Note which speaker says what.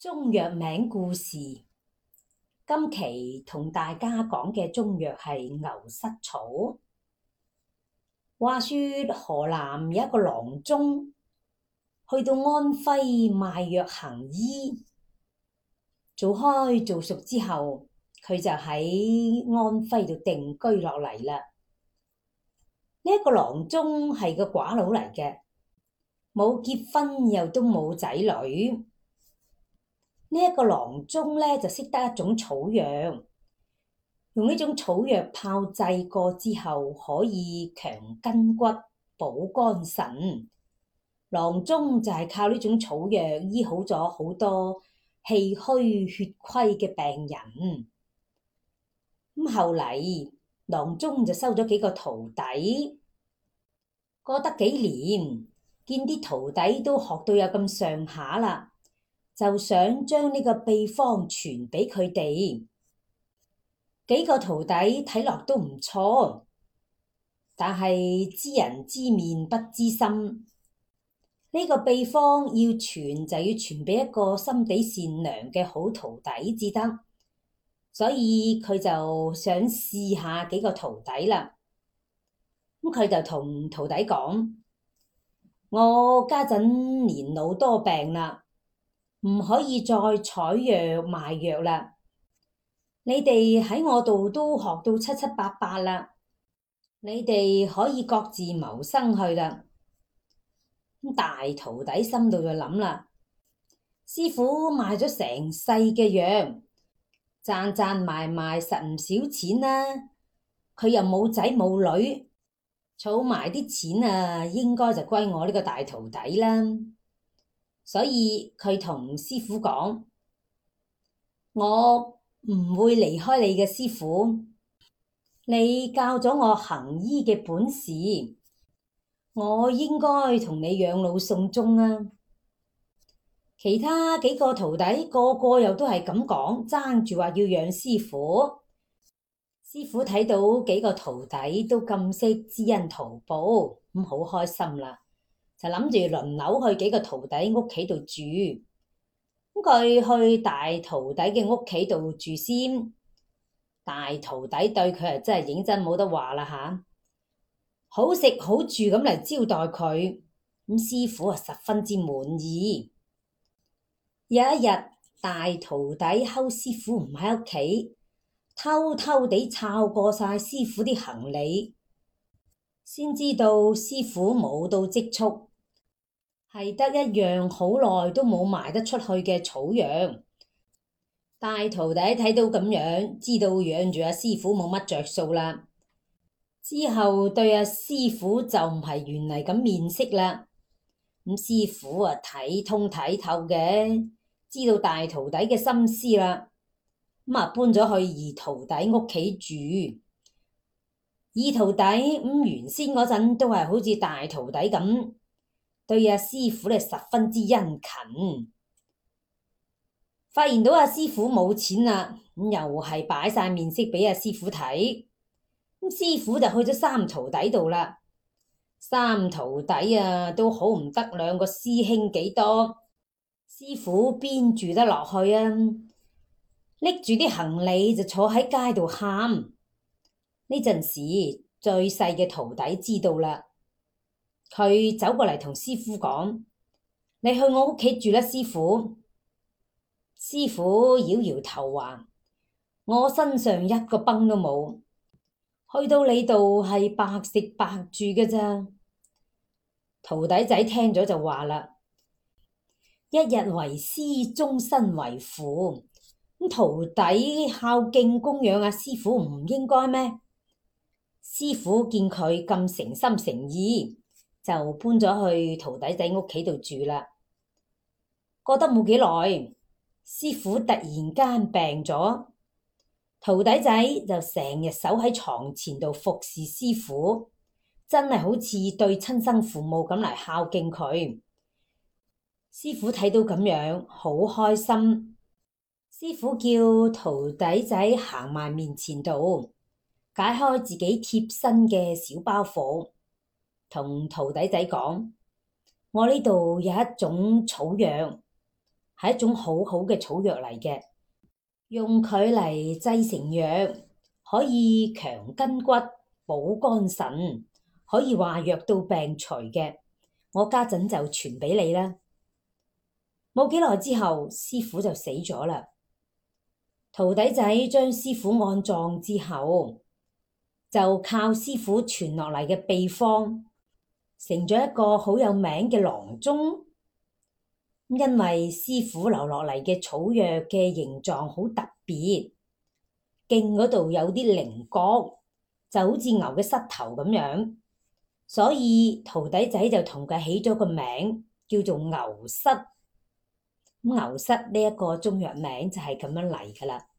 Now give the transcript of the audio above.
Speaker 1: 中藥名故事，今期同大家講嘅中藥係牛膝草。話說河南有一個郎中，去到安徽賣藥行醫，做開做熟之後，佢就喺安徽度定居落嚟啦。呢一個郎中係個寡佬嚟嘅，冇結婚又都冇仔女。呢一個郎中咧，就識得一種草藥，用呢種草藥泡製過之後，可以強筋骨、補肝腎。郎中就係靠呢種草藥醫好咗好多氣虛血虧嘅病人。咁後嚟，郎中就收咗幾個徒弟，過得幾年，見啲徒弟都學到有咁上下啦。就想將呢個秘方傳俾佢哋幾個徒弟，睇落都唔錯。但係知人知面不知心，呢個秘方要傳就要傳俾一個心地善良嘅好徒弟至得。所以佢就想試下幾個徒弟啦。咁佢就同徒弟講：我家陣年老多病啦。唔可以再採藥賣藥啦！你哋喺我度都學到七七八八啦，你哋可以各自謀生去啦。咁大徒弟心度就諗啦，師傅賣咗成世嘅藥，賺賺賣賣賣實唔少錢啦。佢又冇仔冇女，儲埋啲錢啊，應該就歸我呢個大徒弟啦。所以佢同師傅講：我唔會離開你嘅，師傅，你教咗我行醫嘅本事，我應該同你養老送終啊！其他幾個徒弟個個又都係咁講，爭住話要養師傅。師傅睇到幾個徒弟都咁識知恩圖報，咁好開心啦！就諗住輪流去幾個徒弟屋企度住，咁佢去大徒弟嘅屋企度住先，大徒弟對佢啊，真係認真冇得話啦吓，好食好住咁嚟招待佢，咁師傅啊十分之滿意。有一日，大徒弟偷師傅唔喺屋企，偷偷地抄過晒師傅啲行李，先知道師傅冇到積蓄。係得一樣，好耐都冇賣得出去嘅草藥。大徒弟睇到咁樣，知道養住阿師傅冇乜着數啦。之後對阿師傅就唔係原嚟咁面色啦。咁、嗯、師傅啊睇通睇透嘅，知道大徒弟嘅心思啦。咁、嗯、啊搬咗去二徒弟屋企住。二徒弟咁、嗯、原先嗰陣都係好似大徒弟咁。對阿師傅呢十分之殷勤，發現到阿師傅冇錢啦，咁又係擺晒面色俾阿師傅睇，咁師傅就去咗三徒弟度啦，三徒弟啊都好唔得兩個師兄幾多，師傅邊住得落去啊？拎住啲行李就坐喺街度喊，呢陣時最細嘅徒弟知道啦。佢走過嚟，同師傅講：你去我屋企住啦，師傅。師傅搖搖頭話：我身上一個崩都冇，去到你度係白食白住嘅咋。徒弟仔聽咗就話啦：一日為師，終身為父。咁徒弟孝敬供養阿師傅唔應該咩？師傅見佢咁誠心誠意。就搬咗去徒弟仔屋企度住啦。過得冇幾耐，師傅突然間病咗，徒弟仔就成日守喺床前度服侍師傅，真係好似對親生父母咁嚟孝敬佢。師傅睇到咁樣，好開心。師傅叫徒弟仔行埋面前度，解開自己貼身嘅小包袱。同徒弟仔講，我呢度有一種草藥，係一種好好嘅草藥嚟嘅，用佢嚟製成藥，可以強筋骨、補肝腎，可以話藥到病除嘅。我家陣就傳俾你啦。冇幾耐之後，師傅就死咗啦。徒弟仔將師傅安葬之後，就靠師傅傳落嚟嘅秘方，成咗一個好有名嘅郎中。因為師傅留落嚟嘅草藥嘅形狀好特別，莖嗰度有啲稜角，就好似牛嘅膝頭咁樣，所以徒弟仔就同佢起咗個名，叫做牛膝，咁牛膝呢一個中藥名就係咁樣嚟噶啦。